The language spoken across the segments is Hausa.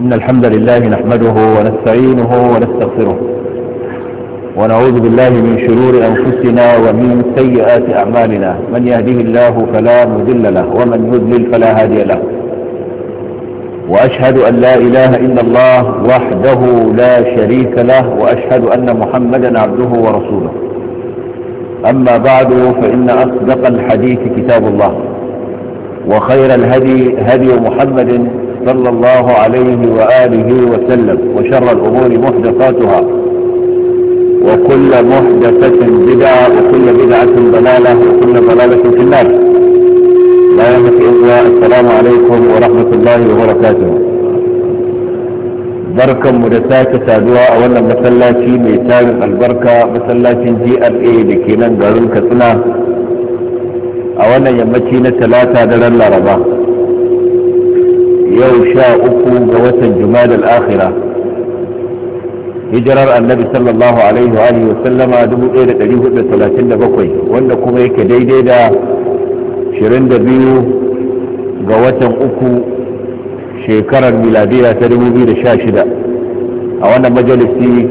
إن الحمد لله نحمده ونستعينه ونستغفره ونعوذ بالله من شرور أنفسنا ومن سيئات أعمالنا من يهده الله فلا مذل له ومن يذلل فلا هادي له وأشهد أن لا إله إلا الله وحده لا شريك له وأشهد أن محمدا عبده ورسوله أما بعد فإن أصدق الحديث كتاب الله وخير الهدي هدي محمد صلى الله عليه وآله وسلم وشر الأمور محدثاتها وكل محدثة بدعة وكل بدعة ضلالة وكل ضلالة في النار لا يمس إلا السلام عليكم ورحمة الله وبركاته بركة مدساكة سادوها أولا مسلاتي ميتان البركة مسلاتي جي أل إيه لكينا نقارون كتنا أولا يمتين ثلاثة دلال ربا yau sha uku ga watan jumadal akhira hijirar annabi sallallahu alaihi wa alihi wasallama 1437 wanda kuma yake daidai da 22 ga watan uku shekarar miladiya ta 2016 a wannan majalisi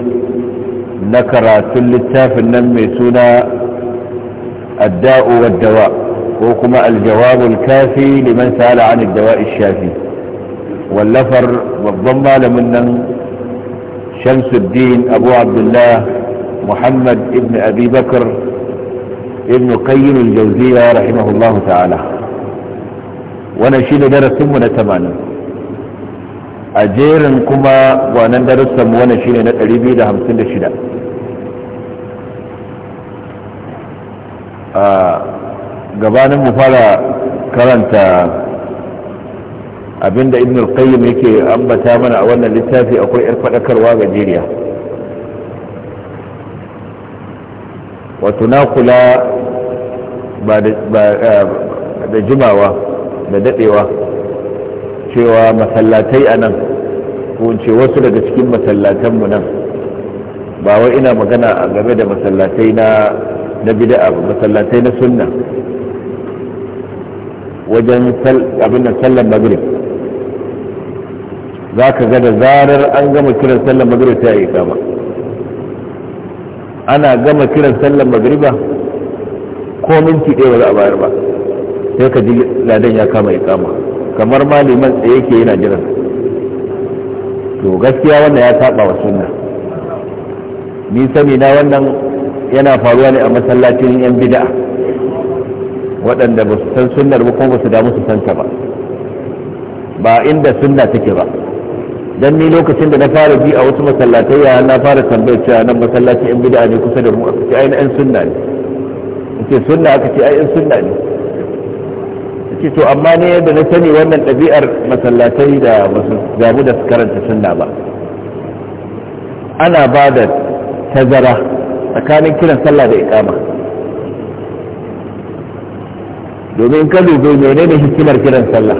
na karatun littafin nan mai suna adda'u wadda ko kuma aljawabul kafi liman sa'ala an dawa'i shafi wallafar babban malamin nan shamsuddin abu abdullah muhammad ibn abi ibn qayyim al-jawziya rahimahullahu ta'ala wannan shine darasin mu na 80 a jerin kuma wannan darussan mu wannan shine na 256 a gabanin mu fara karanta abinda ibn al-qayyim yake ambata mana a wannan littafi akwai yar fadakarwa jeriya wato na kula ba da jimawa da dadewa cewa masallatai a nan ko ce wasu daga cikin masallatanmu nan ba wai ina magana a game da masallatai na bida'a ba masallatai na sunna wajen abin da sallan magrib za ka ga da zarar an gama kiran sallar magriba sai a yi kama ana gama kiran sallar magriba ko minti ɗaya ba za a bayar ba sai ka ji ladan ya kama ya kama kamar maliman liman tsaye yake yana jiran to gaskiya wannan ya taɓa wa sunna ni sani na wannan yana faruwa ne a masallacin yan bid'a waɗanda ba su san sunnar ba kuma ba su damu su santa ba ba inda sunna take ba dan ni lokacin da na fara bi a wasu masallatai ya na fara tambayar cewa nan masallaci yan bid'a ne kusa da mu aka ce ai na yan sunna ne ce sunna aka ce ai sunna ne ce to amma ne yadda na sani wannan ɗabi'ar masallatai da basu gamu da su karanta sunna ba ana ba da tazara tsakanin kiran sallah da ikama. domin ka dubi menene hikimar kiran sallah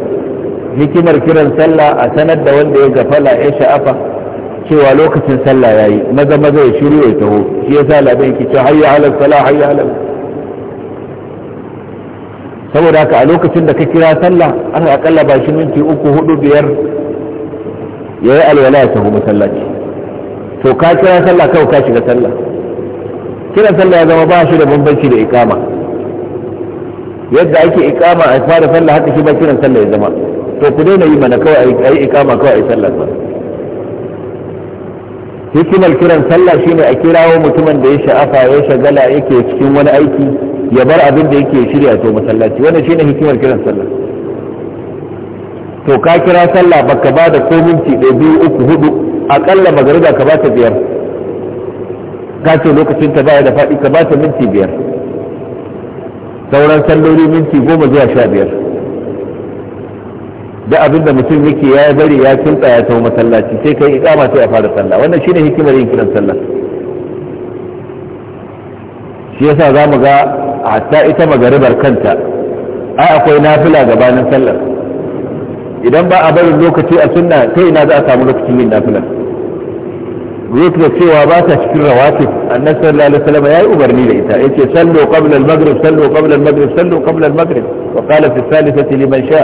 hikimar kiran sallah a sanar da wanda ya gafala ya sha'afa cewa lokacin sallah ya yi maza maza ya shiru ya taho shi yasa ladan yake cewa hayya ala salah hayya ala saboda haka a lokacin da ka kira sallah an akalla ba shi minti uku hudu biyar ya yi alwala ya taho masallaci to ka kira sallah kawai ka shiga sallah kiran sallah ya zama ba shi da bambanci da ikama yadda ake ikama a fara sallah haka shi ba kiran sallah ya zama to ku daina yi mana kawai a yi ikama kawai a yi sallar ba hikimar kiran sallah shine a kirawo mutumin da ya sha'afa ya shagala yake cikin wani aiki ya bar abin da yake shirya to masallaci wannan shine hikimar kiran sallah to ka kira sallah baka ba da ko minti ɗaya biyu uku hudu akalla magariba ka ba ta biyar ka ce lokacin ta baya da faɗi ka ba ta minti biyar sauran salloli minti goma zuwa sha biyar da abinda mutum yake ya bari ya kinta ya tawo masallaci sai kai ikama sai a fara sallah wannan shine hikimar yin kiran sallah shi yasa mu ga hatta ita magaribar kanta ai akwai nafila gabanin sallar idan ba a barin lokaci a sunna kai ina za a samu lokacin yin nafilar zai cewa ba ta cikin rawatib annabi sallallahu alaihi wasallam yayi umarni da ita yace sallu qabla al-maghrib sallu qabla al-maghrib sallu qabla al-maghrib wa qala fi thalithati liman sha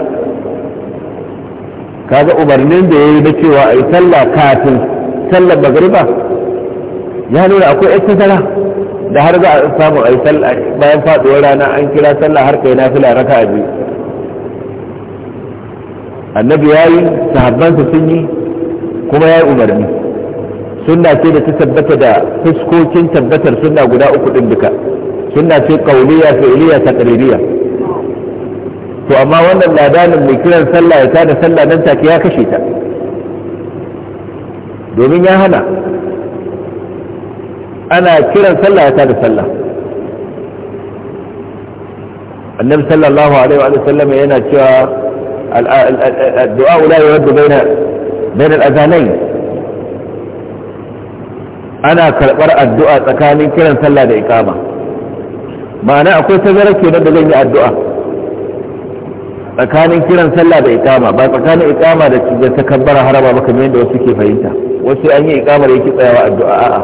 kaga umarnin da yayi da cewa ai sallah kafin sallar magriba ya nuna akwai ita tazara da har za a samu ai sallah bayan faduwar rana an kira sallah har kai nafila a biyu annabi ya yi sahabbansa sun yi kuma ya yi umarni sunna ce da ta tabbata da fuskokin tabbatar sunna guda uku din duka sunna ce kauliya fi'liya taqririya to amma wannan ladanin mai kiran sallah ya tada sallah nan take ya kashe ta domin ya hana ana kiran sallah ya tada sallah annabi sallallahu alaihi wa sallam yana cewa addu'a la yuraddu baina baina al-adhanayn ana karbar addu'a tsakanin kiran sallah da iqama ma'ana akwai tazara kenan da zan yi addu'a tsakanin kiran sallah da ikama ba tsakanin ikama da ta takabbara haraba ba kamar yadda wasu ke fahimta wasu an yi ikama da yake tsayawa addu'a a'a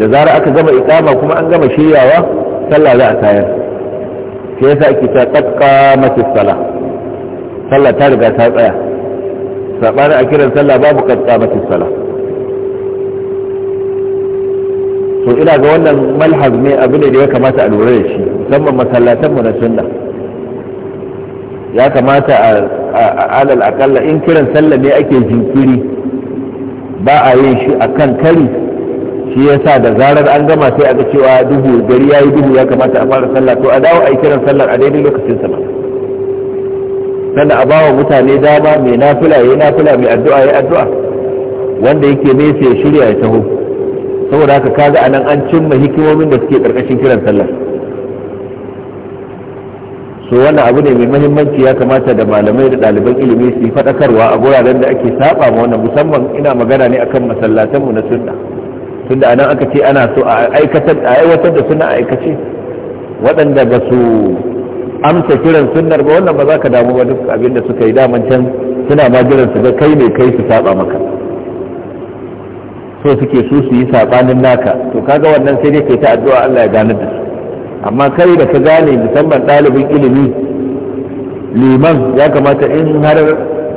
da zarar aka gama ikama kuma an gama shiryawa sallah za a tayar shi yasa ake ta tsakka mace sallah sallah ta riga ta tsaya sabanin a kiran sallah babu katsa mace sallah to ina ga wannan malhaz ne abu ne da ya kamata a lura da shi musamman masallatan mu na sunna ya kamata a alal akalla in kiran sallah ne ake jinkiri ba a yin shi a kan kari shi yasa da zarar an gama sai aga cewa duhu gari ya yi duhu ya kamata a fara sallah to a dawo a yi kiran sallar a daidai lokacin sama sannan a bawa mutane dama mai nafila ya nafila mai addu'a ya addu'a wanda yake nesa ya shirya ya taho saboda haka kaga anan an cimma hikimomin da suke karkashin kiran sallar so wannan abu ne mai mahimmanci ya kamata da malamai da ɗaliban ilimi su yi faɗakarwa a guraren da ake saba ma wannan musamman ina magana ne akan masallatanmu na sunna tunda anan aka ce ana so a aiwatar da suna aikace waɗanda ba su amsa kiran sunnar ba wannan ba za ka damu ba duk abin da suka yi daman can suna ma jiran su ga kai ne kai su saba maka so suke su su yi sabanin naka to kaga wannan sai dai kai ta addu'a Allah ya ganar da su amma kai da ka gane musamman ɗalibin ilimi liman ya kamata in har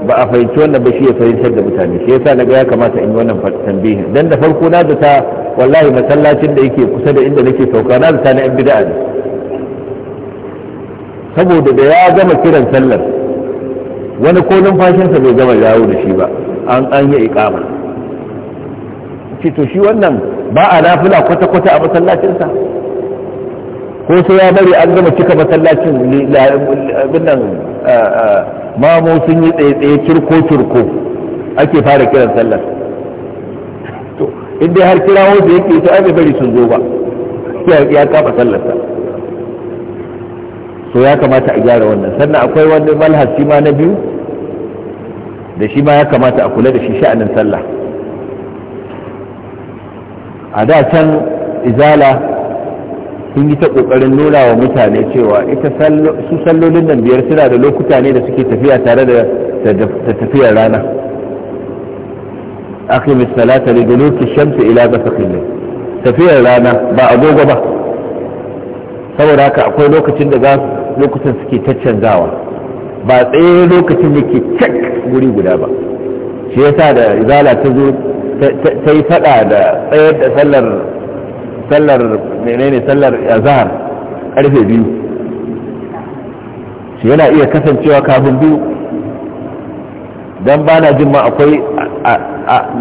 ba a fahimci wannan ba shi ya fahimtar da mutane shi yasa ga ya kamata in yi wannan tambihin dan da farko na zata walahi wallahi masallacin da yake kusa da inda nake sauka na zata na yan bid'a ne saboda da ya gama kiran sallar wani ko numfashinsa bai gama yawo da shi ba an an yi iqama ce to shi wannan ba a nafila kwata-kwata a masallacinsa ko sai ya bari an gama cika masallacin abin mamu sun yi tsaye-tsaye cirko-cirko ake fara kiran sallar to inda har kirawo da yake to bai bari sun zo ba ya kafa sallarsa so ya kamata a gyara wannan sannan akwai wani malhas shi ma na biyu da shi ma ya kamata a kula da shi sha'anin sallah a da can izala sun yi ta kokarin nuna wa mutane cewa ita su sallolin nan biyar suna da lokuta ne da suke tafiya tare da tafiyar rana misala salata li duluki shamsi ila ghasaqil tafiyar rana ba agogo ba saboda haka akwai lokacin da za lokutan suke canzawa ba tsaye lokacin da ke cak guri guda ba shi yasa da izala ta zo ta yi fada da tsayar da sallar sallar menene sallar azhar karfe biyu shi yana iya kasancewa kafin biyu dan bana jin ma akwai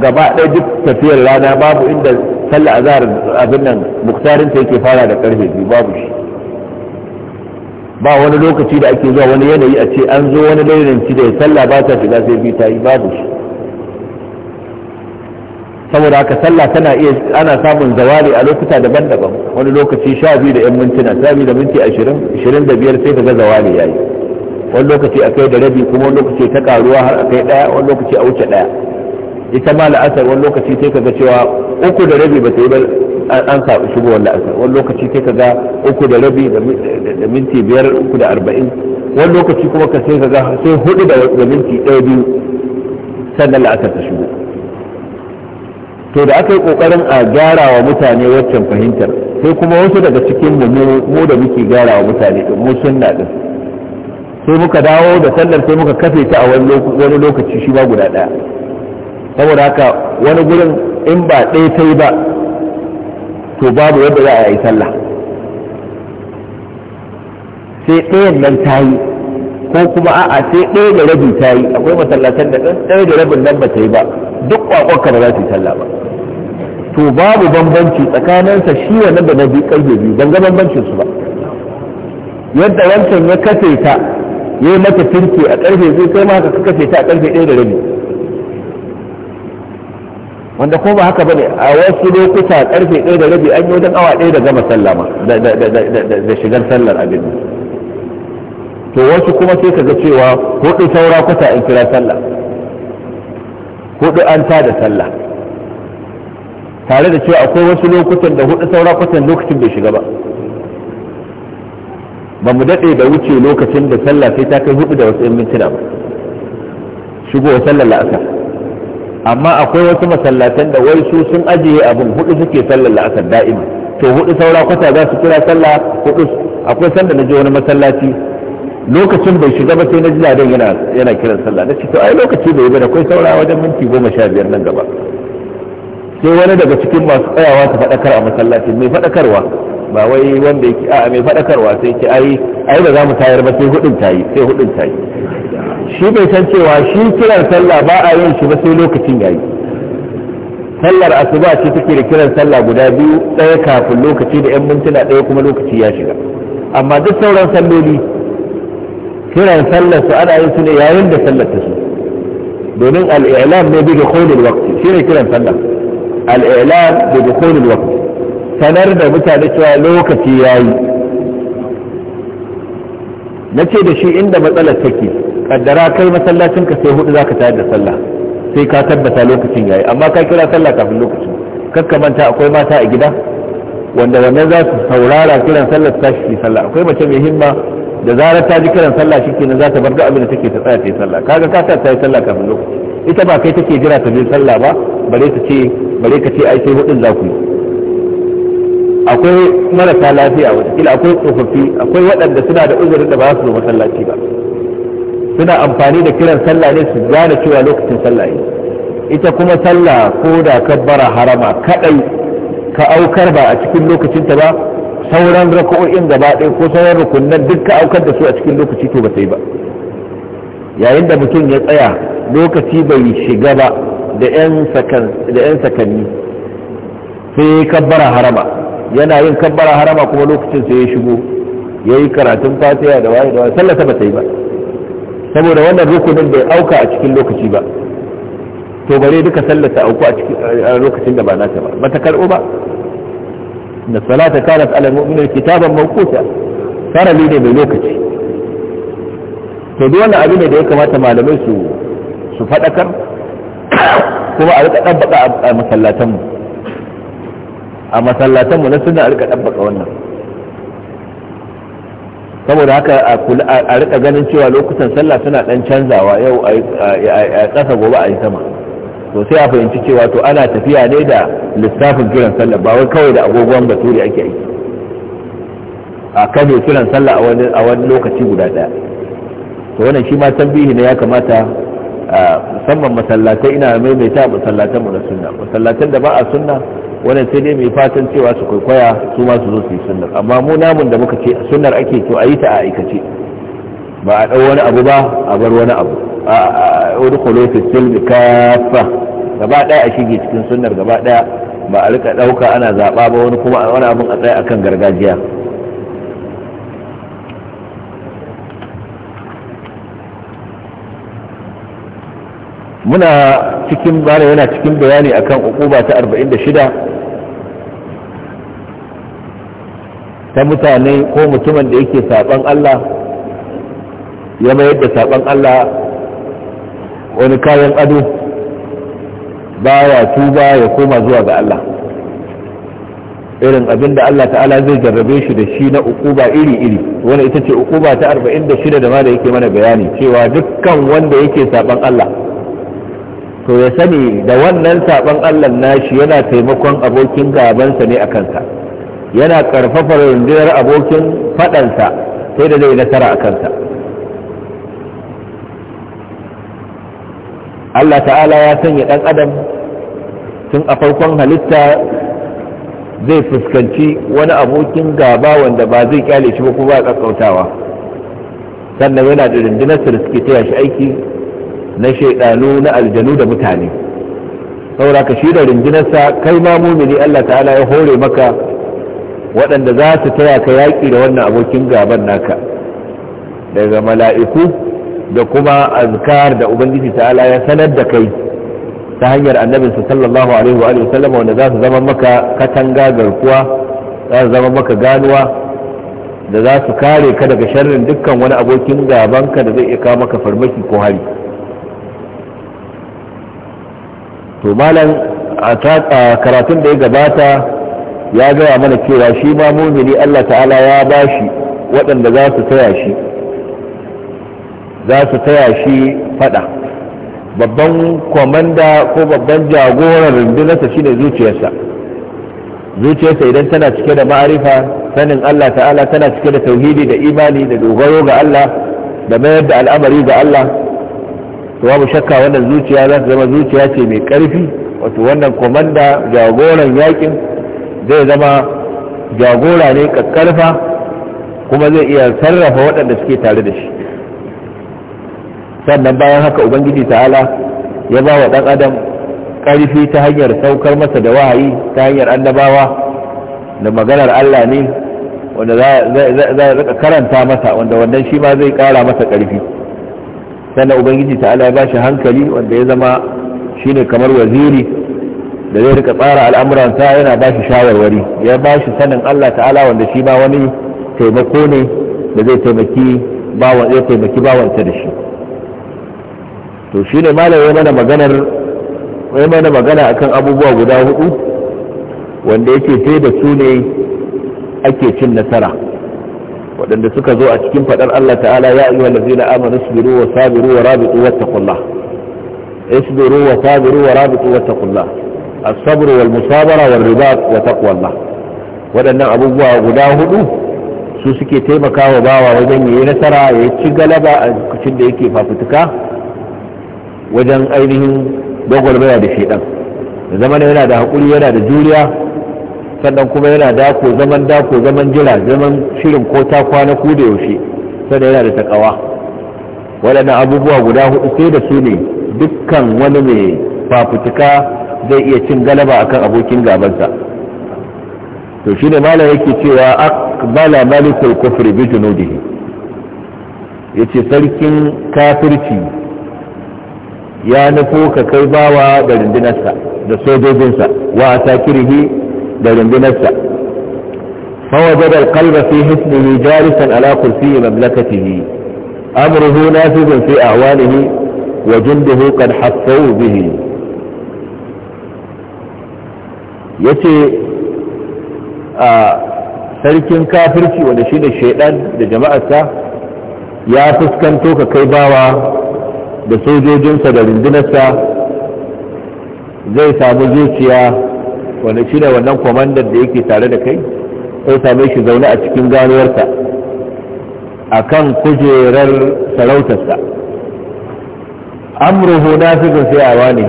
gaba ɗaya duk tafiyar rana babu inda sallar azhar abin nan muktarin ta yake fara da karfe biyu babu shi ba wani lokaci da ake zuwa wani yanayi a ce an zo wani ci da ya sallah ba ta shiga sai biyu ta yi babu shi saboda haka sallah tana iya ana samun zawali a lokuta daban-daban wani lokaci sha biyu da yan mintuna sha biyu da minti ashirin ashirin da biyar sai kaga zawali ya yi wani lokaci a kai da rabi kuma wani lokaci ta karuwa har a kai ɗaya wani lokaci a wuce ɗaya ita ma la'asar wani lokaci sai kaga cewa uku da rabi ba ta yi ba an samu wani la'asar wani lokaci sai kaga uku da rabi da minti biyar uku da arba'in wani lokaci kuma ka sai kaga sai hudu da minti ɗaya biyu sannan la'asar ta shigo to da aka yi kokarin a gyara wa mutane waccan fahimtar sai kuma wasu daga cikin mu mu da muke gyara wa mutane din mu sunna din sai muka dawo da sallar sai muka kafe ta a wani lokaci shi ba guda daya saboda haka wani gurin in ba ɗaya ta yi ba to babu yadda za a yi sallah sai ɗayan nan ta yi ko kuma a'a sai ɗaya da rabi ta yi akwai masallatan da ɗaya da rabin nan ba ta yi ba duk kwakwakka ba za ta yi sallah ba to babu bambanci tsakaninsa shi wannan da na biyu ƙarfe biyu ban ga bambancin su ba yadda wancan ya kafe ta ya yi mata firke a ƙarfe biyu kai ma haka ka kafe ta a ƙarfe ɗaya da rabi wanda ko ba haka bane a wasu lokuta ƙarfe ɗaya da rabi an yi wajen awa ɗaya da gama sallama da shigar sallar abin to wasu kuma sai ka ga cewa hudu saura kwata in kira sallah hudu an ta sallah tare da cewa akwai wasu lokutan da hudu saura kwatan lokacin bai shiga ba ba mu daɗe da wuce lokacin da sallah sai ta kai hudu da wasu yan mintuna ba shigowa sallar la'asar amma akwai wasu masallatan da wai su sun ajiye abin hudu suke sallar la'asar da'ima to hudu saura kwata za su kira sallah hudu akwai sanda na ji wani masallaci lokacin bai shiga ba sai na ji ladan yana kiran sallah na ce to ai lokaci bai bada kai saura wajen minti goma sha biyar nan gaba sai wani daga cikin masu tsayawa ta faɗakar a masallacin mai faɗakarwa ba wai wanda yake a mai faɗakarwa sai ce ai ai ba za mu tayar ba sai hudun tayi sai hudun tayi shi bai san cewa shi kiran sallah ba a yin shi ba sai lokacin yayi sallar asuba ce take da kiran sallah guda biyu ɗaya kafin lokaci da 'yan mintuna ɗaya kuma lokaci ya shiga amma duk sauran salloli kiran sallar su ana yin su ne yayin da sallar ta su domin al'ilam ne bi dukhulul shi ne kiran sallar al'ilam bi dukhulul waqti sanar da mutane cewa lokaci ya yi na ce da shi inda matsalar take kaddara kai masallacin ka sai hudu zaka tayar da sallah sai ka tabbata lokacin yayi amma ka kira sallah kafin lokacin kakka manta akwai mata a gida wanda wannan za su saurara kiran sallar tashi sallah akwai mace mai himma da zarar ta ji kiran sallah nan za ta bar duk abin da take ta tsaya ta yi sallah kaga ka ta yi sallah kafin lokaci ita ba kai take jira ta bi sallah ba bare ta ce bare ka ce ai sai hudin za ku yi akwai marasa lafiya wataƙila akwai tsofaffi akwai waɗanda suna da uzurin da ba su zo masallaci ba suna amfani da kiran sallah ne su gane cewa lokacin sallah ne ita kuma sallah ko da ka bara harama kadai ka aukar ba a cikin lokacinta ba sauran rukunin gaba ɗaya ko sauran rukunan dukka aukar da su a cikin lokaci to ba sai ba yayin da mutum ya tsaya lokaci bai shiga ba da 'yan sakanni sai kabbara harama yana yin kabbara harama kuma lokacin sai ya shigo ya yi karatun fatiha da waye da waye sallata ba ta yi ba saboda wannan rukunin bai auka a cikin lokaci ba to bare duka sallata auku a lokacin da ba nata ba ba ta karɓo ba inna salata kanat ala mu'minina kitaban mawquta farali ne mai lokaci to duk wannan abin da ya kamata malamai su su fadakar kuma a rika dabbaka a masallatan mu a masallatan mu na suna a rika dabbaka wannan saboda haka a rika ganin cewa lokutan sallah suna dan canzawa yau a kasa gobe a yi sama to sai a fahimci cewa to ana tafiya ne da lissafin kiran sallah ba wai kawai da agogon bature ake aiki a kano kiran sallah a wani lokaci guda daya to wannan shi ma tambihi ne ya kamata musamman masallatai ina maimaita masallatan mu na sunna masallatan da ba a sunna wannan sai dai mai fatan cewa su kwaikwaya su ma su zo su yi sunnar amma mu namun da muka ce sunnar ake to a yi ta a aikace ba a ɗau wani abu ba a bar wani abu udkhulu fi silmi kaffa gaba daya a shige cikin sunnar gaba daya ba a rika dauka ana zaba ba wani kuma wani abin a tsaya akan gargajiya muna cikin bara yana cikin bayani akan ukuba ta 46 ta mutane ko mutumin da yake saban Allah ya mayar da saban Allah wani kayan ado baya tuba ya koma zuwa ga Allah irin abin da Allah ta'ala zai jarrabe shi da shi na ukuba iri-iri wani ita ce ukuba ta 46 da ma da yake mana bayani cewa dukkan wanda yake saban Allah to ya sani da wannan saban Allah nashi yana taimakon abokin gabansa ne a kansa yana karfafa rundunar abokin fadansa sai da zai nasara a kansa Allah ta'ala ya sanya ɗan adam tun a farkon halitta zai fuskanci wani abokin gaba wanda ba zai kyale shi ba kuma ba kakkautawa sannan yana da rundunar da suke taya shi aiki na shaidanu na aljanu da mutane saboda ka shi da rundunarsa kai ma mumini Allah ta'ala ya hore maka waɗanda za su taya ka yaƙi da wannan abokin gaban naka daga mala'iku da kuma azkar da ubangiji ta'ala ya sanar da kai ta hanyar annabinsa sallallahu alaihi wa alihi wanda za su zama maka katanga garkuwa za su zama maka ganuwa da za su kare ka daga sharrin dukkan wani abokin gabanka da zai iya kawo maka farmaki ko hari to malam a karatun da ya gabata ya gaya mana cewa shi ma mumini Allah ta'ala ya bashi waɗanda za su taya shi za su taya shi fada babban kwamanda ko babban jagorar rundunarsa ne zuciyarsa zuciyarsa idan tana cike da ma'arifa sanin Allah ta'ala tana cike da tauhidi da imani da dogaro ga Allah da mayar da al'amari ga Allah to babu shakka wannan zuciya za ta zama zuciya ce mai karfi wato wannan komanda jagoran yakin zai zama jagora ne kakkarfa kuma zai iya sarrafa waɗanda suke tare da shi sannan bayan haka ubangiji ta'ala ya ba wa dan adam karfi ta hanyar saukar masa da wahayi ta hanyar annabawa da maganar Allah ne wanda za a karanta masa wanda wannan shi ma zai kara masa karfi sannan ubangiji ta'ala ya ba shi hankali wanda ya zama shine kamar waziri da zai rika tsara al'amuransa yana ba shi shawarwari ya ba shi sanin Allah ta'ala wanda shi ma wani taimako ne da zai taimaki bawan da shi to shi ne malam ya mana magana akan abubuwa guda hudu wanda yake sai da su ne ake cin nasara waɗanda suka zo a cikin faɗar Allah ta'ala ya yi ayyuhal ladzina amanu isbiru wa sabiru wa rabitu wattaqullah isbiru wa sabiru wa rabitu wattaqullah as-sabr wal musabara wal ribat wa taqwallah waɗannan abubuwa guda hudu su suke taimakawa bawa wajen yi nasara ya ci galaba a cikin da yake fafutuka wajen ainihin gwagwarmaya da shaidan zama yana da haƙuri yana da juriya sannan kuma yana dako zaman dako zaman jira zaman shirin ko ta kwana ku da yaushe sannan yana da takawa waɗannan abubuwa guda hudu sai da su ne dukkan wani mai fafutuka zai iya cin galaba akan abokin gabansa to shine malam yake cewa akbala malikul kufri bi junudihi yace sarkin kafirci ya nufo ka kai bawa da rundunarsa da sojojinsa wa ta kirihi da rundunarsa fawaje da kalba fi hisni ne jarisan alakul fi mamlakati ne amurhu na fi zun fi awalihi wa jinduhu kan bihi ya ce a sarkin kafirci wanda shi da shaidan da jama'arsa ya fuskanto ka kai bawa da sojojinsa da rundunarsa zai samu zuciya wanda shi ne wannan kwamandan da yake tare da kai sai same shi zaune a cikin ganuwarsa a kan kujerar sarautarsa amruhu na fi ne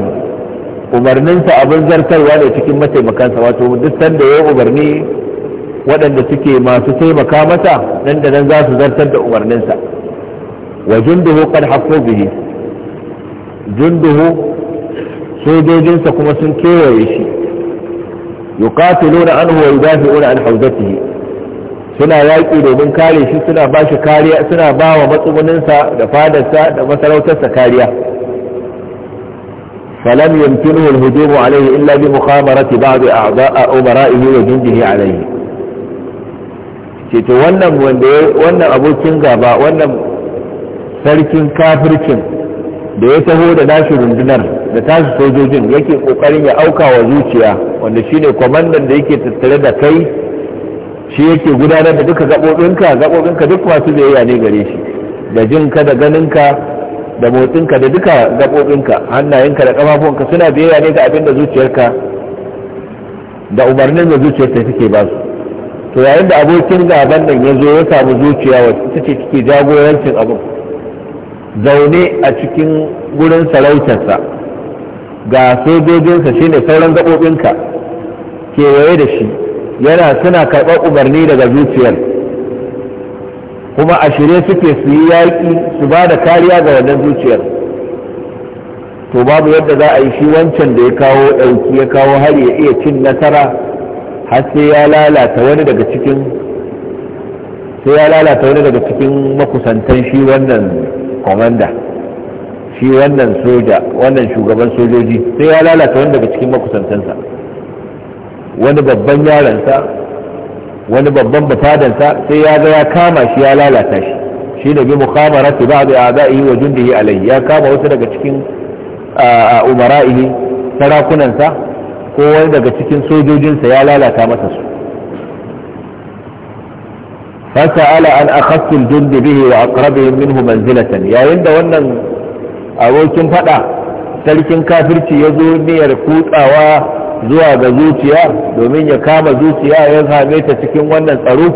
umarninsa abin zartarwa ne cikin mataimakansa wato duk sanda ya umarni waɗanda suke masu taimaka mata nan da nan za su zartar da umarninsa wajen junduhu qad haqqu bihi junduhu sojojinsa kuma sun kewaye shi yuqatiluna anhu wa yudafi'una an hawzatihi suna yaƙi domin kare shi suna ba shi kariya suna ba wa matsuguninsa da fadarsa da masarautarsa kariya falam yamkinuhu al alayhi illa bi mukhamarati ba'd a'da'a umara'ihi wa jundihi alayhi to wannan wanda wannan abokin gaba wannan sarkin kafircin da ya taho da nashi rundunar da tashi sojojin yake kokarin ya auka wa zuciya wanda shine kwamandan da yake tattare da kai shi yake gudanar da duka gaɓoɓinka gaɓoɓinka duk masu biyayya ne gare shi da jinka da ganinka da motsinka da duka gaɓoɓinka hannayenka da ƙafafuwanka suna biyayya ne ga abin da zuciyarka da umarnin da zuciyarka take ba su to yayin da abokin gaban nan ya zo ya samu zuciya wacce ta ce take jagorancin abin zaune a cikin gurin sarautarsa ga sojojinsa shine sauran gaɓoɓinka kewaye da shi yana suna karɓar umarni daga zuciyar kuma a shirye suke su yi yaƙi su ba da kariya ga wannan zuciyar to babu yadda za a yi shi wancan da ya kawo ɗauki ya kawo har ya iya cin nasara har sai ya lalata wani daga cikin sai ya lalata wani daga cikin makusantan shi wannan komanda shi wannan soja wannan shugaban sojoji sai ya lalata wani daga cikin makusantansa wani babban yaransa wani babban bafadansa sai ya ga ya kama shi ya lalata shi shi da bi mukamarati ba da yi wa jundihi alai ya kama wasu daga cikin umara'ihi sarakunansa ko wani daga cikin sojojinsa ya lalata masa su fasa'ala an akhassul jundi bihi wa aqrabihim minhu manzilatan yayin da wannan abokin fada sarkin kafirci ya zo niyyar kutsawa zuwa ga zuciya domin ya kama zuciya ya same ta cikin wannan tsaro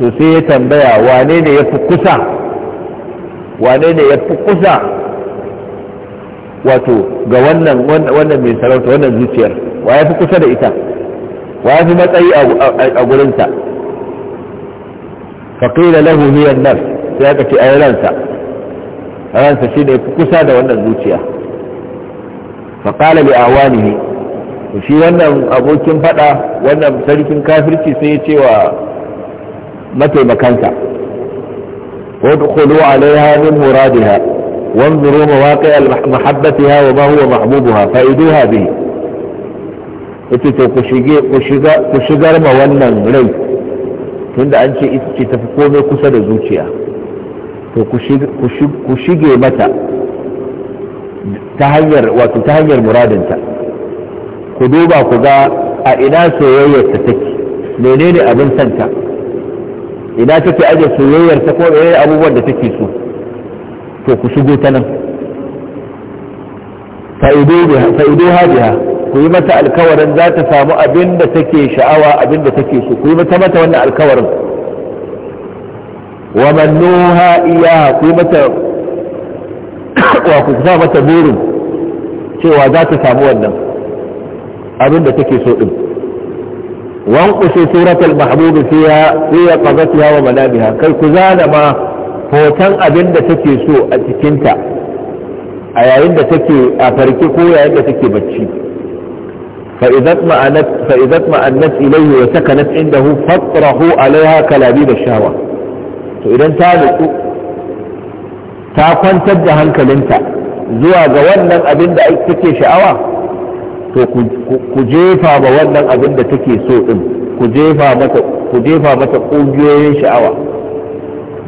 to sai ya tambaya wane ne ya fi kusa wato ga wannan wannan mai sarauta wannan zuciyar wa ya fi kusa da ita wa ya fi matsayi a gurinta faƙila lahu hiyar nan sai aka ce ai ransa ransa shi ne kusa da wannan zuciya faƙala bi awanihi shi wannan abokin fada wannan sarkin kafirci sai ya ce wa mataimakansa wadkhulu alaiha min muradiha وانظروا مواقع محبتها وما هو محبوبها فايدوها به ita ce ku shigar ma wannan rai tunda an ce ita ce tafi komai kusa da zuciya to ku shige mata ta hanyar wato ta hanyar muradinta ku duba ku ga a ina soyayyar ta take menene abin santa ina take aje soyayyar ta ko menene abubuwan da take so to ku shigo ta nan fa'idu ha biha ku yi mata alkawarin za ta samu abin da take sha'awa abin da take so ku yi mata mata wannan alkawarin wa mannuha iya ku yi mata wa ku sa mata burin cewa za ta samu wannan abin da take so din wanqushi suratul mahbub fiha fiha qadatiha wa manamiha kai ku zana ma hoton abin da take so a cikinta a yayin da take a farke ko yayin da take bacci فإذا اطمأنت فإذا اطمأنت إليه وسكنت عنده فاطرحوا عليها كلابيب الشهوة فإذا تابت تاكون تبدا هنكلنتا zuwa ga wannan abin da take sha'awa to ku jefa ba wannan abin da take so din ku jefa mata ku jefa mata kungiyoyin sha'awa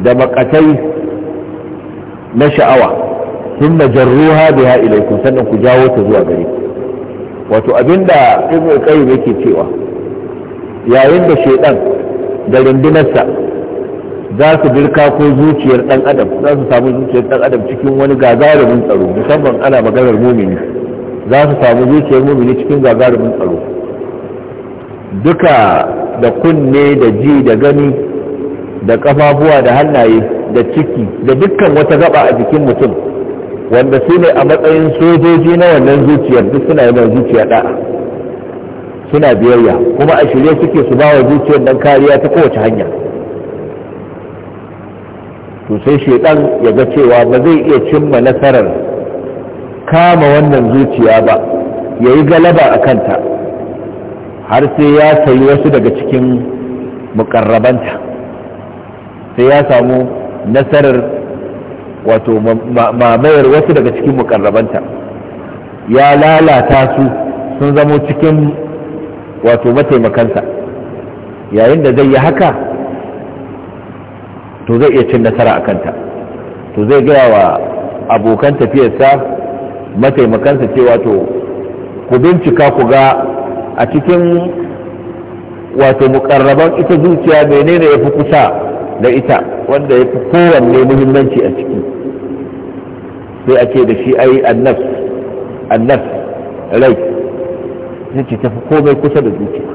da makatai na sha'awa sun jarruha biha ilaikum sannan ku jawo ta zuwa gari? wato abinda ibn qayyim yake cewa yayin da shedan da rundunarsa za su dirka ko zuciyar dan adam za su samu zuciyar dan adam cikin wani gagarumin tsaro musamman ana maganar mumini za su samu zuciyar mumini cikin gagarumin tsaro duka da kunne da ji da gani da kafafuwa da hannaye da ciki da dukkan wata gaba a jikin mutum wanda su ne a matsayin sojoji na wannan zuciyar duk suna yana zuciya ɗaya suna biyayya kuma a shirye suke su bawa wa zuciyar dan kariya ta kowace hanya to sai shaidan ya ga cewa ba zai iya cimma nasarar kama wannan zuciya ba ya yi galaba a kanta har sai ya sayi wasu daga cikin mukarrabanta sai ya samu nasarar wato mamayar wasu daga cikin mukarrabanta ya lalata su sun zamo cikin wato mataimakansa yayin da zai yi haka to zai iya cin nasara a kanta to zai gaya wa abokan tafiyarsa mataimakansa cewa to ku bincika ku ga a cikin wato mukarraban ita zuciya menene ya fi kusa na ita wanda ya fi kowanne muhimmanci a ciki sai ake da shi ai annaf annaf rai ce tafi komai kusa da zuciya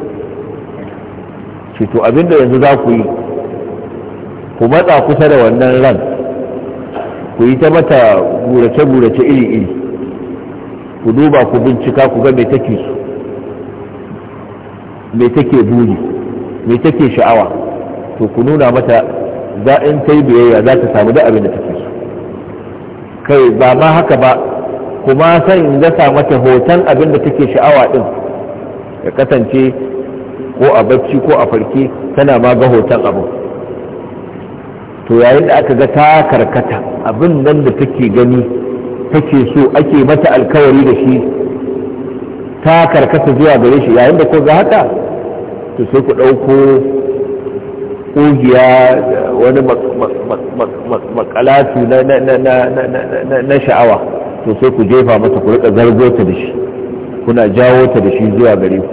ce to abinda yanzu za ku yi ku matsa kusa da wannan ran ku yi ta mata burace-burace iri-iri ku duba ku bincika ku ga mai take su mai take buri mai take sha'awa to ku nuna mata za in ta biyayya za ta samu da abin da take so kai ba ma haka ba kuma san in gasa mata hoton abin da take sha'awa din ya kasance ko a bacci ko a farke tana ma ga hoton abu to yayin da aka ga ta karkata abin nan da take gani take so ake mata alkawari da shi ta karkata zuwa gare shi yayin da ko ga haka to sai ku ɗauko ƙugiya wani makalatu na sha'awa to sai ku jefa mata ku riƙa zargo ta da shi kuna jawo ta da shi zuwa gare ku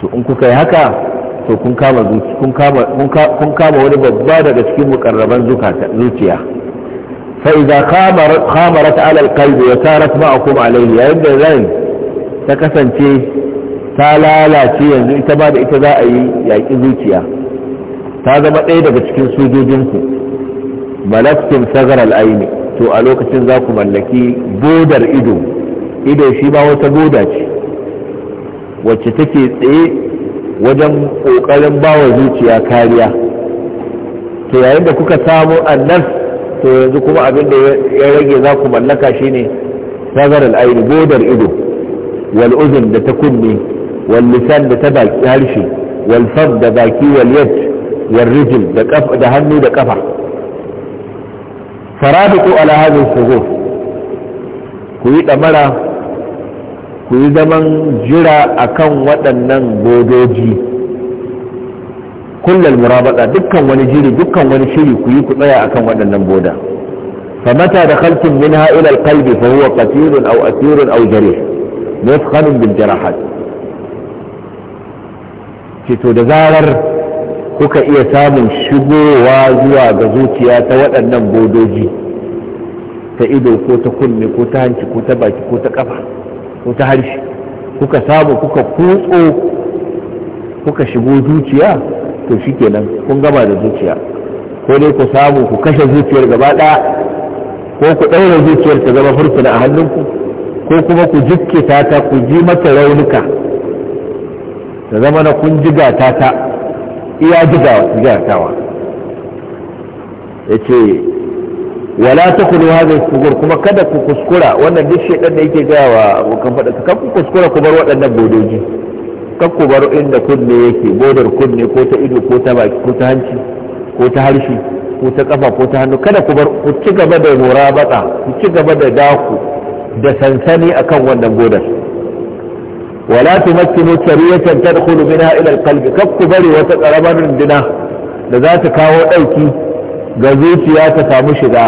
to in kuka yi haka to kun kama wani babba daga cikin mukarraban zuciya فإذا خامرت على القلب وسارت معكم yayin da ذلك ta kasance. ta lalace yanzu ita ba da ita za a yi yaƙi zuciya ta zama ɗaya daga cikin sojojinku malaktum sagar al'aini to a lokacin za ku mallaki bodar ido ido shi ba wata boda ce wacce take tsaye wajen ƙoƙarin ba wa zuciya kariya to yayin da kuka samu annas to yanzu kuma abin da ya rage za ku mallaka shine sagar al'aini bodar ido wal'uzun da ta kunne wallisan lisan da ta baki harshe wal da baki wal da kafa da hannu da kafa farabitu ala hadhihi sughur kuyi zaman jira akan waɗannan bodoji kullal murabada dukkan wani jiri dukkan wani shiri kuyi ku tsaya akan waɗannan boda فمتى دخلتم منها إلى القلب فهو قتيل أو أسير أو جريح مثخن بالجراحات ce da zarar kuka iya samun shigowa zuwa ga zuciya ta waɗannan bodoji ta ido ko ta kunne ko ta hanci ko ta baki ko ta ƙafa ko ta harshe kuka samu kuka kutso kuka shigo zuciya to shikenan kun gama da zuciya ko dai ku samu ku kashe zuciyar gaba ɗaya ko ku ɗaura zuciyar ta zama furfuna a hannunku ko kuma ku jikkita ta ku ji mata raunuka ta zama na kun jigata ta iya jigatawa ya ce wala ta kulu zai sugur kuma kada ku kuskura wannan duk shekar da yake gaya wa abokan faɗa kan ku kuskura ku bar waɗannan bodoji kan ku bar inda kunne yake bodar kunne ko ta ido ko ta baki ko ta hanci ko ta harshe ko ta kafa ko ta hannu kada ku bar ku ci gaba da murabata ku ci gaba da daku da sansani akan wannan bodar wala tumakkinu sariyatan tadkhulu minha ila alqalbi kafku bari wata karamar rundina da za ta kawo dauki ga zuciya ta samu shiga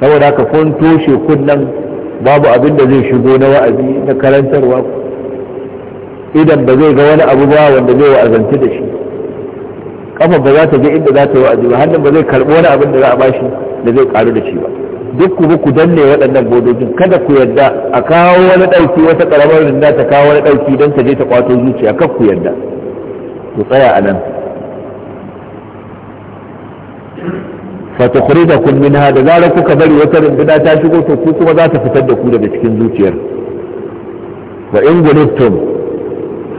saboda ka kun toshe kunnan babu abin da zai shigo na wa'azi na karantarwa idan ba zai ga wani abu ba wanda zai wa'azanci da shi kafa ba za ta je inda za yi wa'azi ba hannun ba zai karbi wani abin da za a bashi da zai karu da shi ba dukku ku danne waɗannan bodojin kada ku yadda a kawo wani ɗauki wata ƙaramar rinda ta kawo wani ɗauki don ta je ta kwato zuciya kan ku yadda ku tsaya a nan fatukhuri da kun min da zarar kuka bari wata rinduna ta shigo to ku kuma za ta fitar da ku daga cikin zuciyar wa in gulittum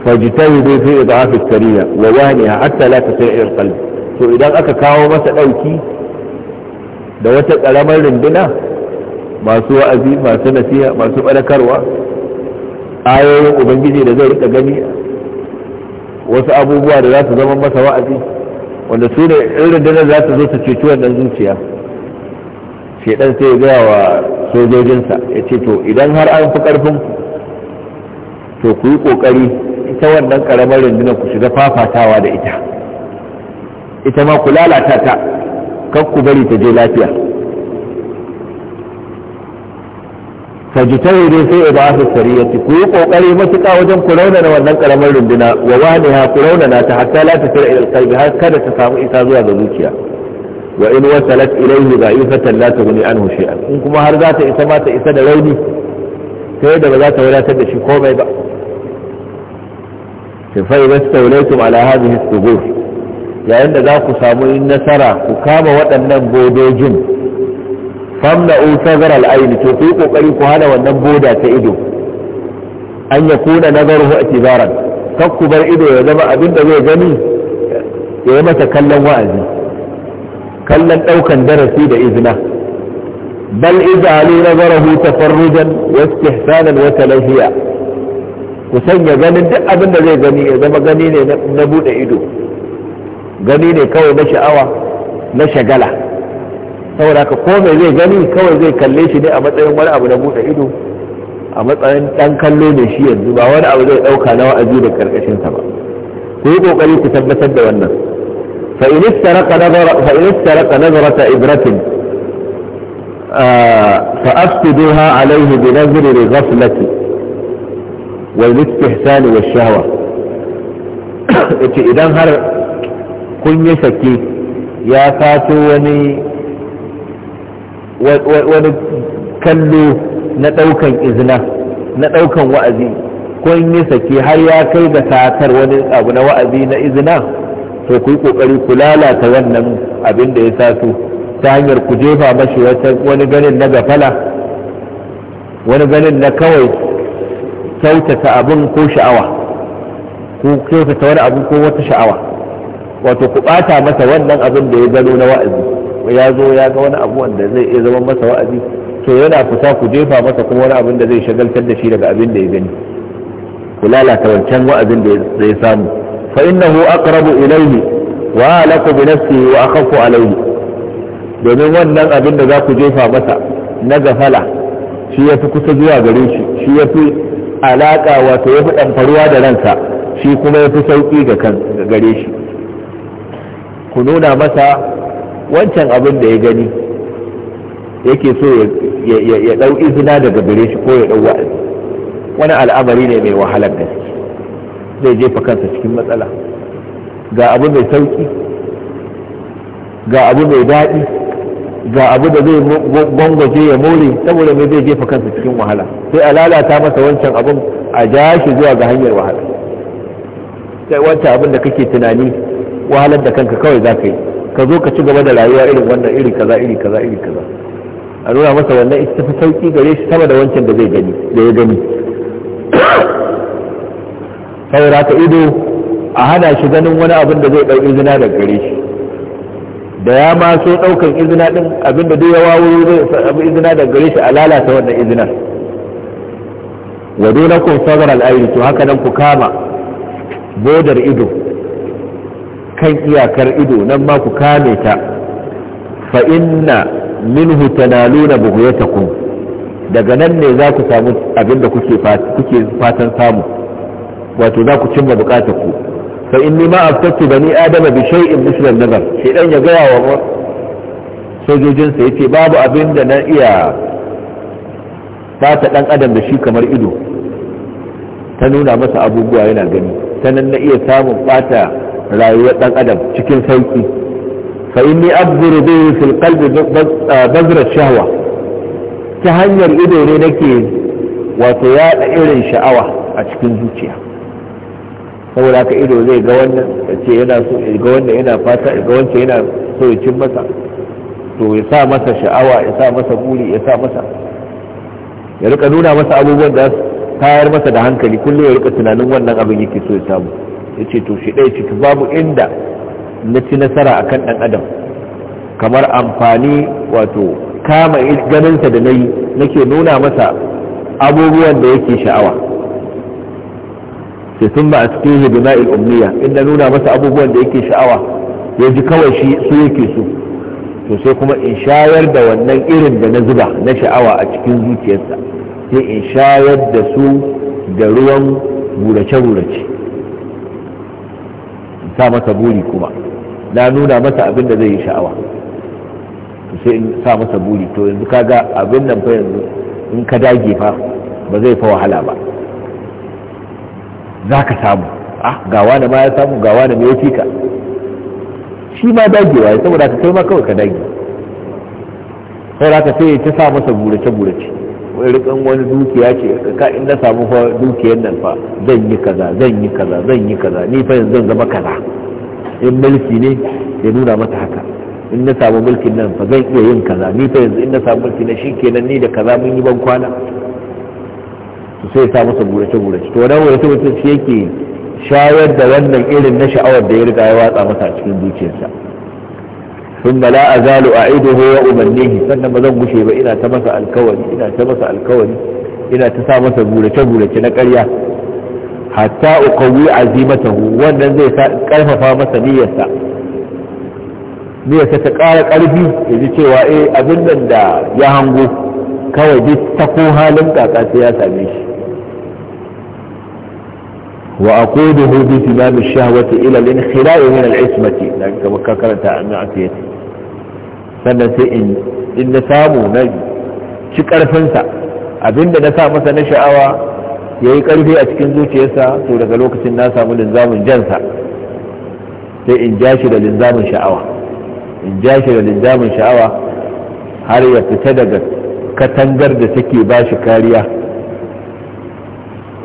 fajtahidu fi idhafi sariya wa yaniha hatta la tasi'a al-qalb to idan aka kawo masa ɗauki da wata ƙaramar runduna masu wa'azi masu nasiha masu ɓadakarwa ayoyin ubangiji da zai rika gani wasu abubuwa da za su zama masa wa'azi wanda su ne in za su zo su ceci wannan zuciya shedan sai ya gaya wa sojojinsa ya ce to idan har an fi karfin to ku yi kokari ita wannan karamar rundunar ku shiga fafatawa da ita ita ma ku lalata ta kar ku bari ta je lafiya fajitare ne sai ba ibasu sariyati ku yi kokari matuƙa wajen ku raunana wannan karamar runduna wa ha ku raunana ta hatta la ta tara ila har kada ta samu isa zuwa ga zuciya wa in wasalat ilayhi da'ifatan la tughni anhu shay'an in kuma har za ta isa ma ta isa da rauni sai da ba za ta wadatar da shi komai ba fa idza stawlaytum ala hadhihi as-sughur yayin da za ku samu yin nasara ku kama waɗannan bodojin famna utazar al'aini to ku yi ƙoƙari ku hana wannan boda ta ido an ya kuna nazarin hu itibaran kan ku bar ido ya zama abin da zai gani ya yi masa kallon wa'azi kallon ɗaukan darasi da izina bal izalu nazarahu tafarrujan wa istihsanan wa talahiya ku sanya ganin duk abin da zai gani ya zama gani ne na buɗe ido gani ne kawai na sha'awa na shagala saboda haka ko mai zai gani kawai zai kalle shi ne a matsayin wani abu na buɗe ido a matsayin ɗan kallo ne shi yanzu ba wani abu zai ɗauka na wa'azi da ƙarƙashinsa ba ku yi ƙoƙari ku tabbatar da wannan fa'in istaraka nazarata ibratin فأفسدوها عليه بنظر الغفلة والاستحسان والشهوة ce idan har kun yi sake ya sato wani wani kallo na ɗaukan izina na ɗaukan wa'azi kun yi sake har ya kai ga satar wani abu na wa'azi na izina to ku yi ƙoƙari ku lalata wannan abin da ya sato ta hanyar ku jefa mashi wani ganin na gafala wani ganin na kawai kyautata abin ko sha'awa ko kyautata wani abu ko wata sha'awa wato ku bata masa wannan abin da ya gano na wa'azi ya zo ya ga wani abu wanda zai iya zama masa wa'azi to yana kusa ku jefa masa kuma wani abin da zai shagaltar da shi daga abin da ya gani ku lalata wancan wa'azin da ya samu fa innahu aqrabu ilayhi wa alaku bi nafsihi wa akhafu alayhi domin wannan abin da za ku jefa masa na gafala shi ya fi kusa zuwa gare shi shi ya fi alaka wato ya fi ɗanfaruwa da ransa shi kuma ya fi sauƙi ga gare shi ku nuna masa wancan abin da ya gani yake so ya ɗau izina daga gare shi ko ya ɗau wa'azi wani al'amari ne mai wahalar gaske zai jefa kansa cikin matsala ga abu mai sauki ga abu mai daɗi ga abu da zai gwangwaje ya more saboda mai zai jefa kansa cikin wahala sai a lalata masa wancan abin a ja shi zuwa ga hanyar wahala sai wancan abin da kake tunani wahalar da kanka kawai za ka yi ka zo ka ci gaba da rayuwa irin wannan iri kaza iri kaza iri kaza a nuna masa wannan ita tafi sauki gare shi sama da wancan da zai gani da ya gani saboda ka ido a hana shi ganin wani abin da zai ɗau izina da gare shi da ya ma so ɗaukan izina ɗin abin da duk ya wawo zai samu izina da gare shi a lalata wannan izinar wa dole kun sabar al'ayi to haka nan ku kama bodar ido kan iyakar ido nan ma ku kame ta fa inna minhu tanaluna bughyatakum daga nan ne za ku samu abin da kuke kuke fatan samu wato za ku cimma bukatar ku fa inni ma aftatu bani adama bi shay'in misla nazar dan ya gaya wa sojojinsa yace babu abin da na iya fata dan adam da shi kamar ido ta nuna masa abubuwa yana gani sanan na iya samun bata rayuwar dan adam cikin sauki fa inni abzuru bihi fil qalbi bazra shahwa ta hanyar ido ne nake wato yaɗa irin sha'awa a cikin zuciya saboda haka ido zai ga wannan ya ce yana so ya ga wannan yana fata ya ga wancan yana so ya cin masa to ya sa masa sha'awa ya sa masa buri ya sa masa ya rika nuna masa abubuwan da tayar masa da hankali kullum ya rika tunanin wannan abin yake so ya samu ya ce to shi ɗaya ciki babu inda na ci nasara a kan ɗan adam kamar amfani wato kama ganinsa da na yi nake nuna masa abubuwan da yake sha'awa sai sun ba a cikin hidima umniya inda nuna masa abubuwan da yake sha'awa ya ji kawai shi su yake so to sai kuma in shayar da wannan irin da na zuba na sha'awa a cikin zuciyarsa sai in shayar da su da ruwan rurace burace sa masa buri kuma na nuna masa abin da zai yi sha'awa to sai in sa masa buri to yanzu ka ga abin nan fa yanzu in ka dage fa ba zai fa wahala ba za ka samu ah ga wani ma ya samu ga wani mai yafi ka shi ma dagewa ya saboda ka kai ma kawai ka dage sai za ka sai ta sa masa burace-burace rikon wani dukiya ce ka in na samu fa dukiyar nan fa zan yi kaza zan yi kaza zan yi kaza ni fa yanzu zan zama kaza in mulki ne ya nuna mata haka in na samu mulkin nan fa zan iya yin kaza ni fa yanzu in na samu mulki na shikenan ni da kaza mun yi ban kwana to sai sa masa gurace gurace to wannan gurace gurace shi yake shayar da wannan irin na sha'awar da ya riga ya watsa masa cikin zuciyarsa ثم a أزال أعيده وأمنيه sannan ba zan gushe ba ina ta masa alkawari ina ta masa alkawari ina ta sa masa gurace gurace na karya hatta uqawi azimatahu wannan zai sa karfafa masa niyyarsa niyyarsa ta ƙara ƙarfi ya ji cewa eh abin nan da ya hango kawai duk ta ko halin kaka sai ya same shi Wa وأقوده بزمام الشهوة إلى الانخلاء من العصمة لأنك مكاكرة عن معصيته sannan sai in na samu na ci ƙarfinsa abinda na sa masa na sha'awa ya yi ƙarfi a cikin zuciyarsa to daga lokacin na samu linzamin jansa sai in ja shi da linzamin sha'awa in ja shi da linzamin sha'awa har ya fita daga katangar da take ba shi kariya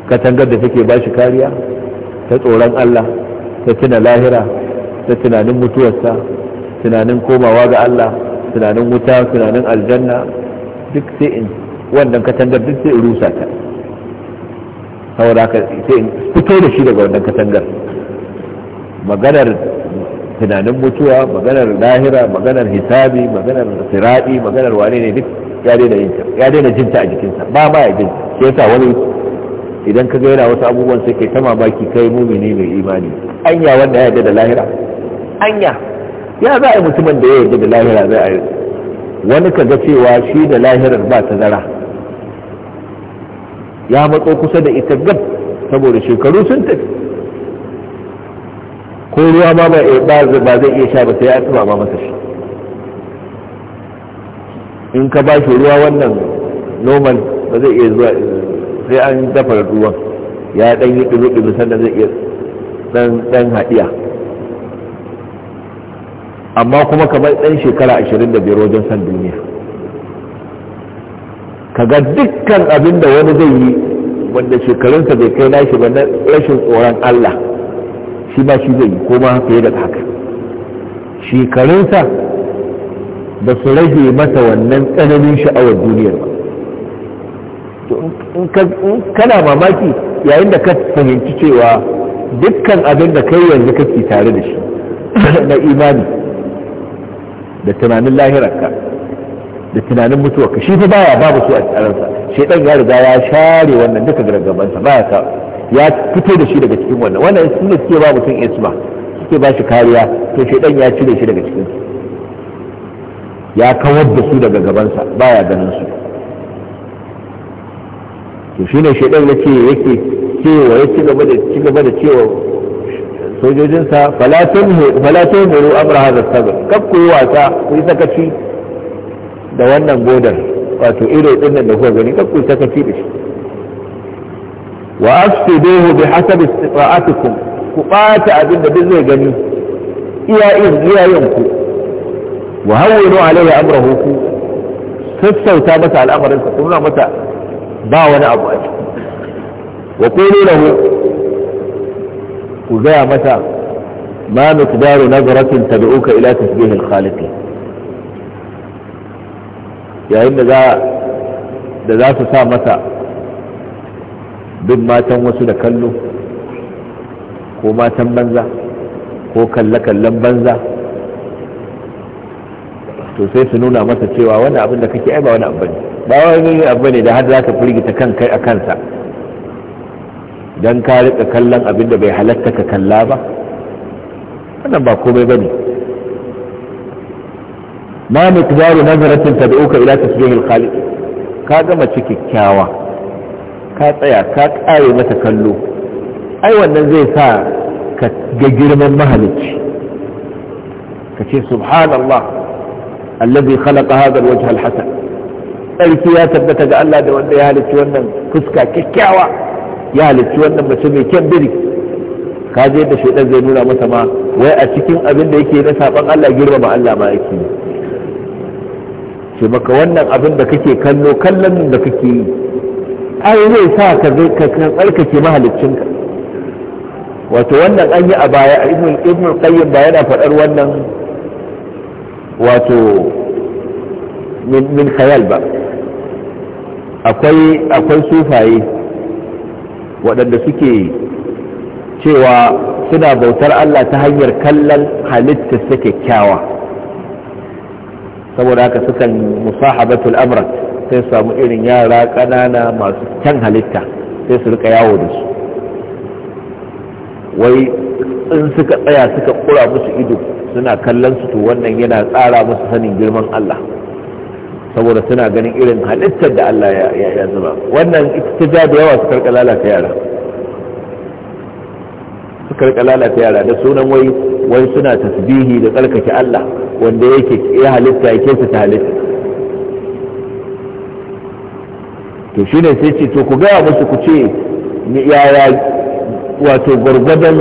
katangar da take ba shi kariya ta tsoron Allah ta tuna lahira ta tunanin mutuwarsa tunanin komawa ga Allah tunanin wuta tunanin aljanna duk sai in wannan katangar duk sai in rusa ta saboda haka sai in fito da shi daga wannan katangar maganar tunanin mutuwa maganar lahira maganar hisabi maganar siradi maganar wane ne duk ya daina yin ta ya daina jinta a jikinsa ba ba ya jinta sai yasa wani idan ka ga yana wasu abubuwan sai kai ta mamaki kai mumini mai imani anya wanda ya yarda da lahira anya ya za a yi mutumin da ya yarda da lahira zai a yi wani ka ga cewa shi da lahirar ba ta zara ya matso kusa da ita gab saboda shekaru sun tafi ko ruwa ma eh, ba zai iya sha ba sai ya tsuma ma masa shi in ka ba shi ruwa wannan normal ba zai iya zuwa sai an dafa ruwan ya ɗan yi ɗumi-ɗumi sannan zai iya ɗan haɗiya amma kuma kamar ɗan shekara ashirin da biyar wajen san duniya kaga dukkan abin da wani zai yi wanda shekarunsa bai kai nashi ba na rashin tsoron Allah shi ba shi zai yi ko ma fiye da haka shekarunsa ba su rage masa wannan tsananin sha'awar duniyar ba kana mamaki yayin da ka fahimci cewa dukkan abin da kai yanzu kake tare da shi na imani da tunanin lahirarka da tunanin mutuwarka shi fa baya babu su a tsaransa dan ya riga ya share wannan duka gargabansa baya ka ya fito da shi daga cikin wannan wannan sun suke babu sun isma suke ba shi kariya to dan ya cire shi daga cikin ya kawar da su daga gabansa baya ganin su to shine shaidan yake yake cewa ya ci gaba da cewa sojojinsa falatun muru amurha da sabir kaf ku yi wasa ku yi sakaci da wannan wato din da kuka gani kaf ku yi sakaci da shi wa bi hasabi istiqa'atikum ku bata abin da duk zai gani iya iyayen ku wa hawwinu alaihi amrahu ku sassauta masa al'amarin ku nuna ba wani abu a wa qulu lahu ku gaya mata ma miqdaru nazaratin tad'uka ila tasbih al-khaliq yayin da za da za su sa mata bin matan wasu da kallo ko matan banza ko kalle-kallen banza to sai su nuna masa cewa wani abin da kake ai ba wani abu ne ba wani abu ne da har za ka firgita kan kai a kansa don ka rika kallon abin da bai halatta ka kalla ba wannan ba komai bane ne ma miqdaru nazaratin ta tad'uka ila tasbihil khaliq ka gama ciki kyakkyawa ka tsaya ka kare mata kallo ai wannan zai sa ka ga girman mahalicci ka ce subhanallah alladhi khalaqa hadha alwajha alhasan sarki ya tabbata ga Allah da wanda ya halicci wannan fuska kyakkyawa ya halicci wannan mace mai kyan biri ka je da shaidan zai nuna masa ma wai a cikin abin da yake na saban Allah girmama Allah ma yake ce maka wannan abin da kake kallo kallon da kake yi ai zai sa ka zai ka tsarkake mahaliccinka wato wannan an yi a baya ibn ibn qayyim ba yana faɗar wannan wato min min khayal ba akwai akwai sufaye waɗanda suke cewa suna bautar Allah ta hanyar kallon halitta ta kyakkyawa saboda haka sukan musahabatul amra sai samu irin yara ƙanana masu kyan halitta sai su rika yawo da su wai in suka tsaya suka kura musu ido suna kallon su to wannan yana tsara musu sanin girman Allah saboda suna ganin irin halittar da Allah ya zuba wannan ita ta da yawa su karka lalata yara su karka lalata yara da sunan wai wai suna tasbihi da tsarkake Allah wanda yake ya halitta ya kesa ta halitta to shine sai ce to ku gaya musu ku ce yaya wato gwargwadon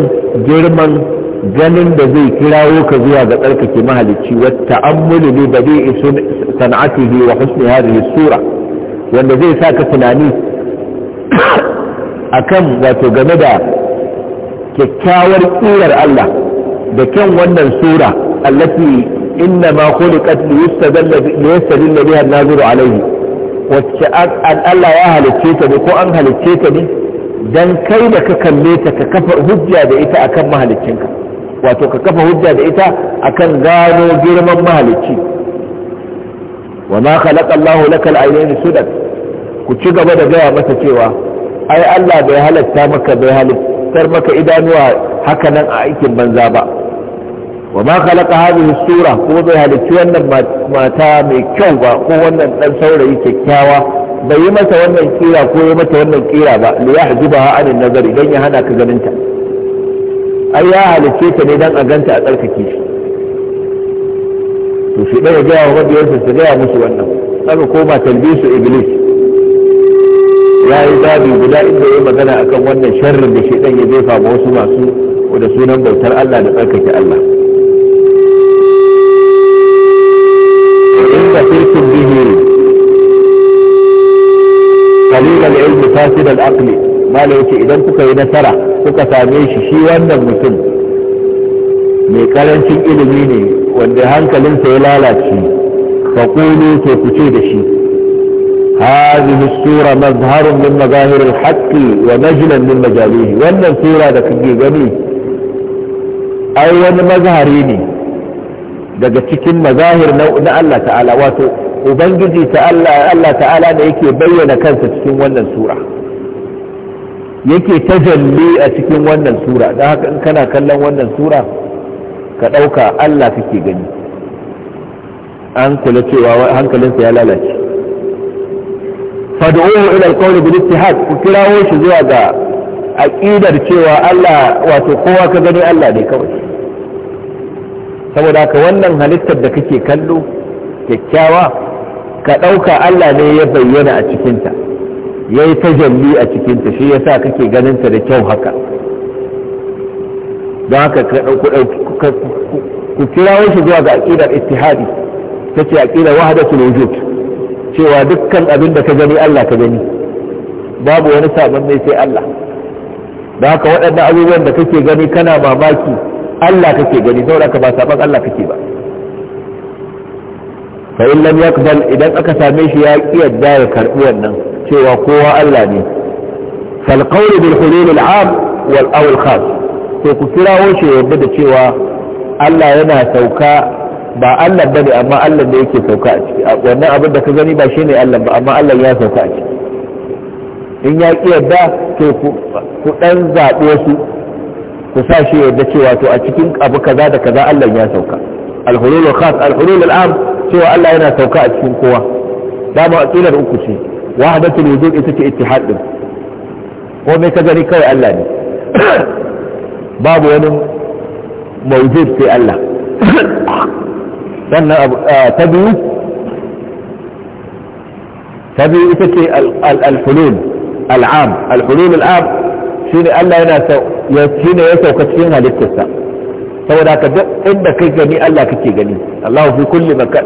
girman ganin da zai kirawo ka zuwa ga tsarkake mahalicci wa ta'ammulu bi badi'i san'atihi wa husni hadhihi sura wanda zai sa ka tunani akan wato game da kyakkyawar tsirar Allah da kyan wannan sura allati inna ma khuliqat li yastadilla biha an-naziru alayhi wacce Allah ya halicce ta ne ko an halicce ta ne dan kai da ka kalle ta ka kafa hujja da ita akan mahaliccinka wato ka kafa hujja da ita akan gano girman mahalicci wa ma khalaqa Allahu lakal aynayni sudan ku ci gaba da gaya masa cewa ai Allah bai halatta maka bai halittar maka idanuwa haka nan a aikin banza ba wa ma khalaqa hadhihi sura ko bai halicci wannan mata mai kyau ba ko wannan dan saurayi kyakkyawa bai yi masa wannan kira ko ya mata wannan kira ba li yahjubaha anin nazari dan ya hana ka ganin ta ai ya halicce ta ne dan a ganta a tsarkake shi to shi ɗaya gaya wa mabiyansa su gaya musu wannan haka koma talbisu iblis ya yi zabi guda inda ya magana akan wannan sharrin da shi ɗan ya jefa ma wasu masu da sunan bautar Allah da tsarkake Allah inda firkin bihiri qalil ilmi ilm fasid al-aqli idan kuka yi nasara kuka same shi shi wannan mutum mai karancin ilimi ne wanda hankalinsa ya lalace faƙulu to ku ce da shi هذه السورة مظهر من مظاهر الحق ومجلا من مجاليه وأن السورة ده كجي جميل أي وأن مظهريني daga cikin mazahir na Allah ta'ala wato ubangiji ta Allah ta'ala da yake bayyana kansa cikin wannan sura yake tajalli a cikin wannan sura da haka in kana kallon wannan sura ka ɗauka Allah kake gani an kula cewa hankalinsa ya lalace fad'uhu ila alqawli bil ittihad ku kirawo shi zuwa ga aqidar cewa Allah wato kowa ka gani Allah ne kawai saboda ka wannan halittar da kake kallo kyakkyawa ka ɗauka Allah ne ya bayyana a cikinta ya yi tajalli a cikinta shi ya sa kake ganinta da kyau haka don haka ku kirawo shi zuwa ga aƙidar ittihadi ta ce aƙidar wahadatul wujud cewa dukkan abin da ka gani Allah ka gani babu wani sabon mai sai Allah don haka waɗannan abubuwan da kake gani kana mamaki Allah kake gani saboda ka ba sabon Allah kake ba fa in lam yaqbal idan aka same shi ya ki yadda ya karbi wannan cewa kowa Allah ne fal qawl bil hulul al am wal aw al khas to ku kira shi yadda da cewa Allah yana sauka ba Allah bane amma Allah ne yake sauka a ciki wannan abin da ka gani ba shine Allah ba amma Allah ya sauka a ciki in ya ki yadda to ku dan zaɓo su ku sa shi yadda cewa to a cikin abu kaza da kaza Allah ya sauka al hulul khas al hulul al am cewa Allah yana sauka a cikin kowa dama aqilar uku ce wahdatul wujud ita ce ittihad din ko me ka gani kai Allah ne babu wani mawjud sai Allah sannan ta biyu ta biyu ita ce al-hulul al-am al-hulul al-am shine Allah yana shine ya sauka cikin halittarsa saboda ka duk inda kai gani Allah kake gani Allah fi kulli makan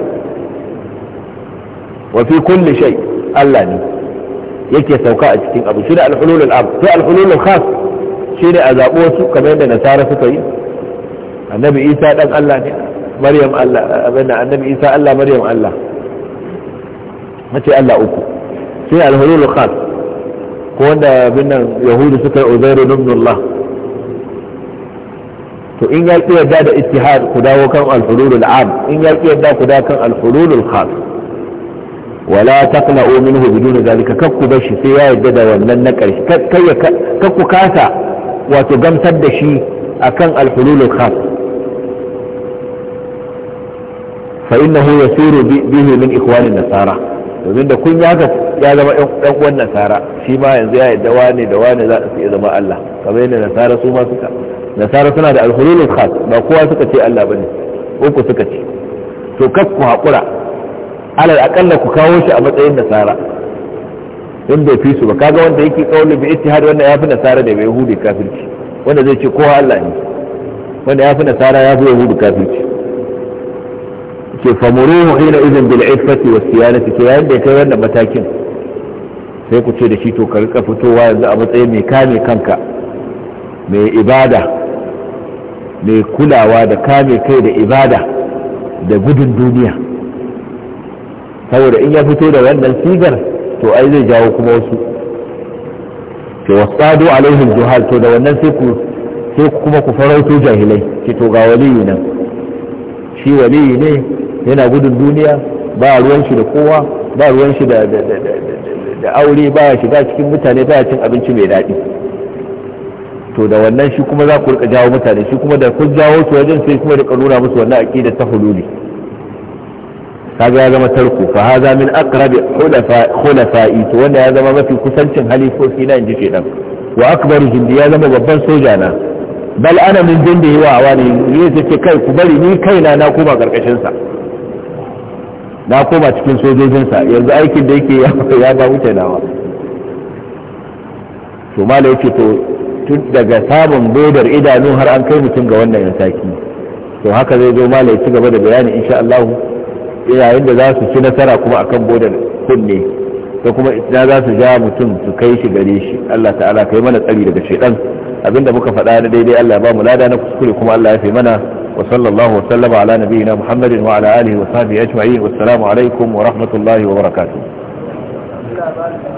wa fi kulli shay Allah ne yake sauka a cikin abu shi da alhululul am sai alhululul khas shi ne a zaɓo su kamar yadda nasara suka yi annabi isa dan Allah ne maryam Allah abinda annabi isa Allah maryam Allah mace Allah uku sai alhululul khas ko wanda binnan yahudu suka yi uzairu ibn Allah to in ya ki yadda da ittihad ku dawo kan al-hululul am in ya ki yadda ku dawo kan al-hululul khas wala taqna'u minhu bidun zalika kakku bashi sai ya yadda da wannan na karshe ku kasa wato gamsar da shi akan al-hululul khas fa innahu yasiru bihi min ikhwanin nasara domin da kun ya zama ɗan uwan nasara shi ma yanzu ya yadda wane da wane za su iya zama Allah kamar yadda nasara su ma suka nasara suna da alhululul khas ba kowa suka ce Allah bane uku suka ce to kas ku hakura alal aqalla ku kawo shi a matsayin nasara in bai fi su ba kaga wanda yake kauli bi ittihad wanda yafi nasara da bai yahudi kafirci wanda zai ce kowa Allah ne wanda yafi nasara yafi yahudi kafirci ke famuruhu ila izin bil iffati was siyanati ke yayin da kai wannan matakin sai ku ce da shi to ka rika fitowa yanzu a matsayin mai kame kanka mai ibada mai kulawa da kame kai da ibada da gudun duniya saboda in ya fito da wannan sigar to ai zai jawo kuma wasu ke wasado alaihim juhal to da wannan sai ku sai kuma ku farauto jahilai ki to ga waliyu nan shi waliyu ne yana gudun duniya ba ruwan shi da kowa ba ruwan shi da aure ba shiga cikin mutane ba cin abinci mai daɗi to da wannan shi kuma za ku rika jawo mutane shi kuma da kun jawo su wajen sai kuma rika nuna musu wannan aqida ta hululi kaga ya zama tarko fa haza min aqrab khulafa khulafa'i to wanda ya zama mafi kusancin halifofi na inji dan wa akbaru jindi ya zama babban soja na bal ana min jinde wa awani ne yake kai ku bari ni kaina na koma karkashin sa na koma cikin sojojin sa yanzu aikin da yake ya ba wuce nawa to malai yake to daga samun bodar idanu har an kai mutum ga wannan yasaki to haka zai zo malai ci gaba da bayani insha Allah yayin da za su ci nasara kuma akan bodar kunne ko kuma ina za su ja mutum su kai shi gare shi Allah ta'ala kai mana tsari daga shedan abinda muka faɗa na daidai Allah ba mu lada na kuskure kuma Allah ya fi mana wa sallallahu wa sallama ala nabiyyina Muhammadin wa ala alihi wa sahbihi ajma'in wassalamu alaikum wa rahmatullahi wa barakatuh